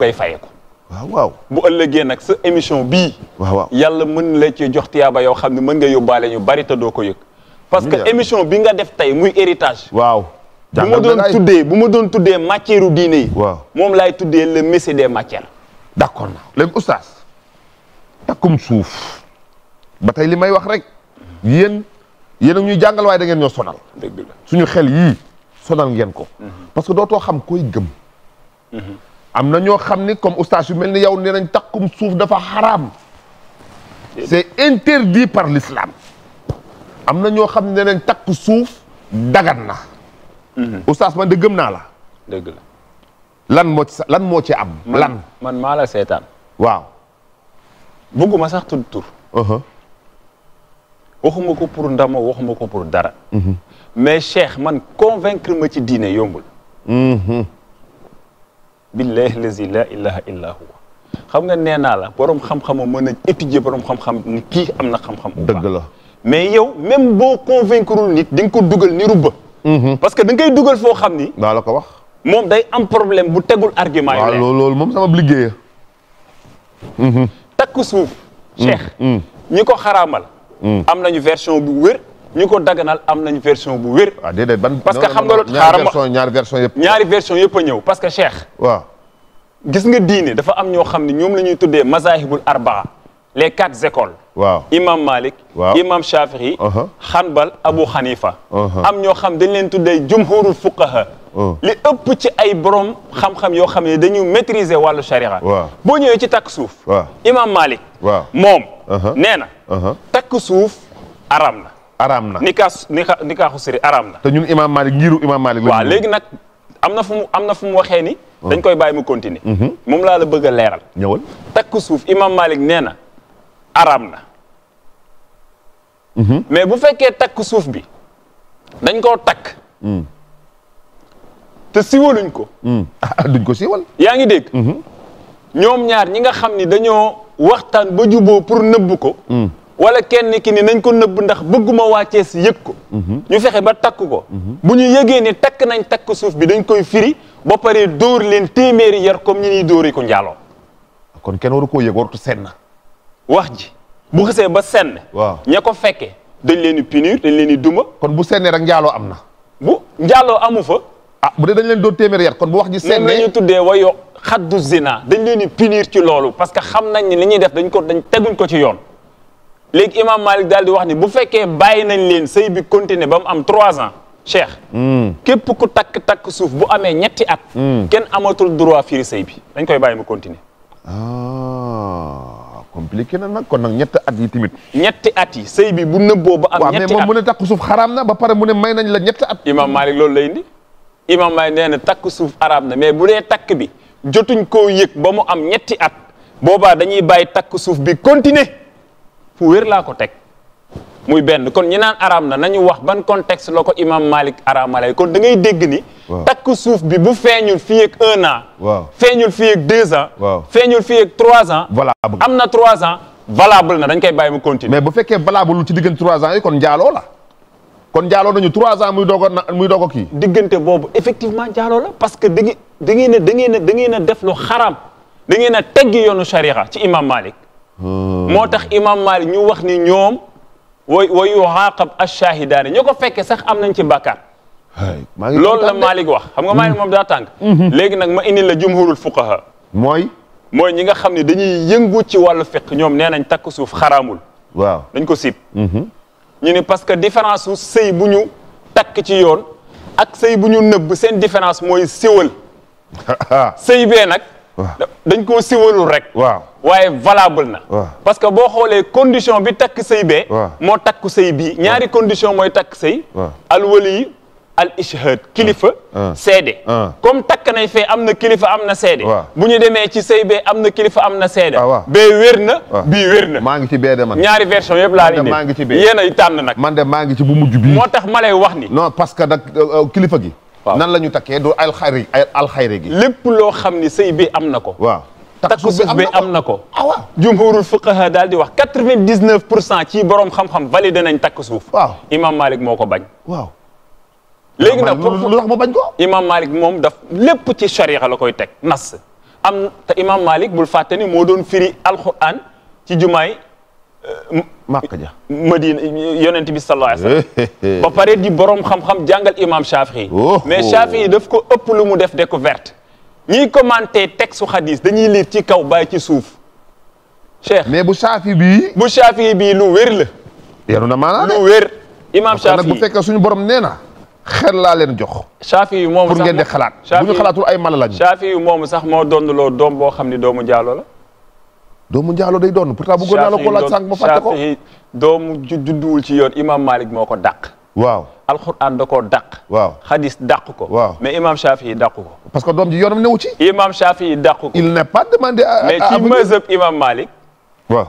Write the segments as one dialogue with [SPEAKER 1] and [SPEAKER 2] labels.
[SPEAKER 1] koy faye ko waaw waaw bu ëllëgee nag sa émission bii waaw yàlla mën la ci jox tiyaaba yoo xam ne mën nga yóbbaale ñu bari te doo ko yëg parce que émission bi nga def tey muy héritage waaw bu ma doon tuddee bu ma doon tuddee matière u diine yi moom laay tuddee le messie des matières d'accord na léegi oustaz takkum suuf ba tey li may wax rek yéen yéen ñuy jàngal waaye da ngeen ñoo sonal dëgg la xel yii sonal ngeen ko mhm. parce que dootoo xam koy gëm mhm. am na ñoo xam ni comme oustaz yu mel ni yow nee nañ takkum suuf dafa xaraam c'est interdit par l'islam am na ñoo xam ne takku suuf dagan na mhm. oustaz man de gëm naa la dëgg la lan moo lan moo ci am lan man maa la seetaan waaw bëgguma sax tudd tur uh-huh. waxuma ko pour ndama waxuma ko pour dara mhm. mais cheikh man convaincre ma ci diine yombul mhm. billahi lazi la ilaha illa huwa xam nga nee naa la borom xam-xama mën a étudier borom xam-xam ni kii am na xam-xam dëgg la mais yow même boo convaincrewul nit di nga dugal ni rubba mhm. parce que da ngay dugal foo xam ni daa la ko wax moom day am problème bu tegul argument yi waaw loolu moom sama liggéey mhm. takk suuf
[SPEAKER 2] mhm. cheikh
[SPEAKER 1] ñi ko xaraamal am nañu version bu wér ñi ko daganal am nañ version bu wér. waaw ah, parce que xam nga loolu xaaral ma ñaari version yëpp. ñaari version yëpp a ñëw parce que Cheikh. gis nga diine dafa am ñoo xam ne ñoom la ñuy tuddee mazahibul arbaa les quatre écoles. waaw imam Malik. waaw imam Shafi'i. Uh-huh. Hanbal Abu Hanifa. Uh-huh. am ñoo xam dañ leen tuddee jumhurul fuqaha. Uh. li ëpp ci ay borom xam-xam yoo xam ne dañu maîtriser wàllu sharia. waaw boo ñëwee ci takk suuf. waaw imam Malik. waaw moom. Uh-huh. nee na. takk suuf aram na. araam na nikaas nika nikaaxu siri araam na. te ñun imaam Malik ngiru imaam Malik. waaw léegi nag am na fu mu am na fu mu waxee ni. dañ koy bàyyi mu continuer. Mhm. moom laa la bëgg a leeral. ñëwal takku suuf imaam Malik nee na araam na. Mhm. mais bu fekkee takk suuf bi dañ koo takk. Mm. te siwaluñ ko. ah ko siwal. yaa ngi dégg. Mhm. ñoom ñaar ñi nga xam ni dañoo waxtaan ba juboo pour nëbb ko. Mm. wala kenn ki ni nañ ko nëbb ndax bëgguma waa Cees yëg ko mhm. ñu fexe ba takk ko mhm. bu ñu yëgee ni takk nañ takk suuf bi dañ koy firi ba pare dóor leen téeméeri yar comme ñi ñuy dóori ko njaaloo kon kenn waru koo yëg warutu senn wax ji bu xësee ba senn waaw ña ko fekke dañ leen di punir dañ leen di duma kon bu sennee rek njaaloo am na bu njaaloo amu fa ah bu dee dañ leen doon téeméer yar kon bu wax ji seen la ñu tuddee wayo xaddu zina dañ leen di ci loolu parce que xam nañ ni li ñuy def dañ ko dañ teguñ ko ci yoon léegi imam Malik daal di wax ni bu fekkee bàyyi nañ leen sëy bi continuer ba mu am trois ans cheikh hmm. képp ku takk takk suuf bu amee ñetti at hmm. kenn amatul droit firi sëy bi dañ koy bàyyi mu continuer ah compliqué na nag kon nag ñetti at yi tamit ñetti at yi sëy bi bu nëbboo ba am ñetti at mais moom mu suuf xaraam na ba pare mu ne may nañ la ñetti at imam Malik loolu lay indi imam Malik nee na takk suuf araam na mais bu dee takk bi jotuñ koo yëg ba mu am ñetti at boobaa dañuy bàyyi takk suuf bi continuer fu wér laa ko teg muy benn kon ñi naan araam na nañu wax ban contexte la ko imam Malik araamale kon da ngay dégg ni takk suuf bi bu feeñul fii ak un an waaw feeñul fii ak deux ans waaw feeñul fii trois ans valable am na trois ans valable na dañ koy bay mu continuer mais bu fekkee valable ci diggante trois ans yi kon njaaloo la kon njaaloo nañu trois ans muy doog a muy doog a kii diggante boobu effectivement njaaloo la parce que da ngeen da ngeen a da ngeen a da ngeen def lu xaraam da ngeen a teggi yoonu sharia ci imam moo tax imam Malik ñu wax ni ñoom way way yuxaaqab ash-shaahidaani ñu ko fekkee sax am nañ ci bàkkaar loolu la Malik wax xam nga Malik moom daa tànk mm-hmm. léegi nag ma indi la jumhurul fuqaha mooy mooy ñi nga xam ne dañuy yëngu ci wàllu fiq ñoom nee nañ takk suuf xaraamul waaw dañ ko siib mm-hmm. ñu ne parce que différence su sëy bu ñu takk ci yoon ak sëy bu ñu nëbb seen différence mooy siwal sëy bee nag dañ koo siwalul rek. waaw waaye valable na. parce que boo xoolee condition bi takk sëy bee. moo takk sëy bii ñaari condition mooy takk say al wali al ishhad ah. kilifa. Ah. seede. Ah. comme takk nañ fee am na kilifa am na seede. bu ñu demee ci sëy bee am na kilifa am na seede. bee wér na. bii wér na. maa ngi ci bee de ñaari version yëpp laa indi. maa ngi ci bee a tànn nag. man de maa ngi ci bu mujj bii. moo tax ma lay wax ni. non parce que nag euh, euh, kilifa gi. nan la ñu takkee du alxayri alxayri gi. lépp loo xam ni sëy bi am na ko. waaw takk suuf bi am na ko ah waaw jumhurul fuqaha daal di wax quatre vingt dix pour cent ci borom xam-xam validé nañ takk suuf. waaw imaam Malik moo ko bañ. waaw. léegi nag bañ ko. imaam moom daf lépp ci sharia la koy teg nas. am te imaam Malik bul fàtte ni moo doon firi alquran ci jumaay euh, màq ma Madina yonent bi sallallahu alayhi wasallam ba pare di borom xam-xam jàngal imam Shafi'i oh, mais oh. Shafi'i def ko ëpp lu mu def découverte ñiy commenté texte xadis dañuy liir ci kaw bàyyi ci suuf cheikh mais bu Shafi'i bi bu Shafi'i bii lu wér la yaru na maanaa lu wér imam Shafi'i nag bu fekkee suñu borom nee na xel laa leen jox Shafi'i yu moomu pour ngeen di xalaat bu ñu ay mala lañu Shafi'i yu sax moo doon loo doom boo xam ne doomu jaalo la doomu njaalo day doon pourtant bëggoon naa la ko laaj sànq ma fàtte ko doomu judduwul ci yoon imam Malik moo ko dàq waaw alxuraan da koo dàq waaw xadis dàq ko waaw mais imam Shafi ko parce que doom ji yoonam ci imam Shafi dàq ko il n'est pas demandé mais ci mazhab imam Malik waaw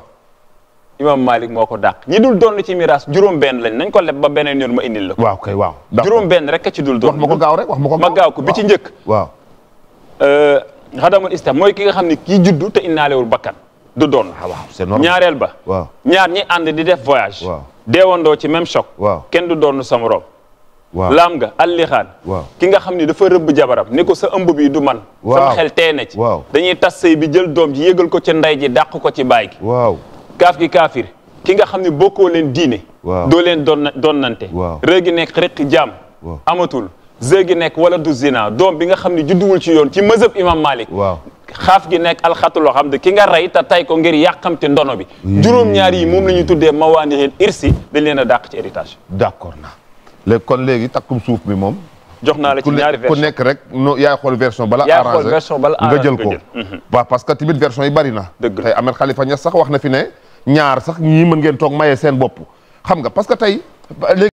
[SPEAKER 1] imam Malik moo ko dàq ñi dul doon ci miraas juróom benn lañ nañ ko leb ba beneen yoon ma indil la ko waaw kay waaw juróom benn rek ci dul doon wax ma ko gaaw rek wax ma ko ma gaaw ko bi ci njëkk waaw euh, xadamul istam mooy ki nga xam ne kii juddu te innaalewul bakkan du doon. ah waaw ñaareel ba. waaw ñaar ñi ànd di def voyage. waaw deewandoo ci même choc. waaw kenn du doon sa morom. waaw laam nga allixaan waaw ki nga xam ni dafa rëbb jabaram ni ko sa ëmb bi du man sama xel tee na ci dañuy tas sëy bi jël doom ji yégal ko ci ndey ji dàq ko ci baay gi waaw kaaf gi kaafir ki nga xam ni bokkoo leen diine doo leen doon nante ré gi nekk rek jaam amatul zé gi nekk wala du zina doom bi nga xam ni judduwul ci yoon ci mazhab imam Malik xaaf gi nekk alxatul xam de ki nga rey te tay ko ngir yàqamte ndono bi. Hmm. juróom-ñaar yi moom la ñu tuddee mawaanixil irsi dañ leen a dàq ci héritage. d' accord na léegi kon léegi takkum suuf bi moom. jox naa la ci ñaari version ku nekk rek no yaay xool version bala arrangé nga jël ko mhm. waaw parce que tamit version yi bari na. dëgg tey Ahmed Khalifa Niass sax wax na fi ne ñaar sax ñii mën ngeen toog maye seen bopp xam nga parce tey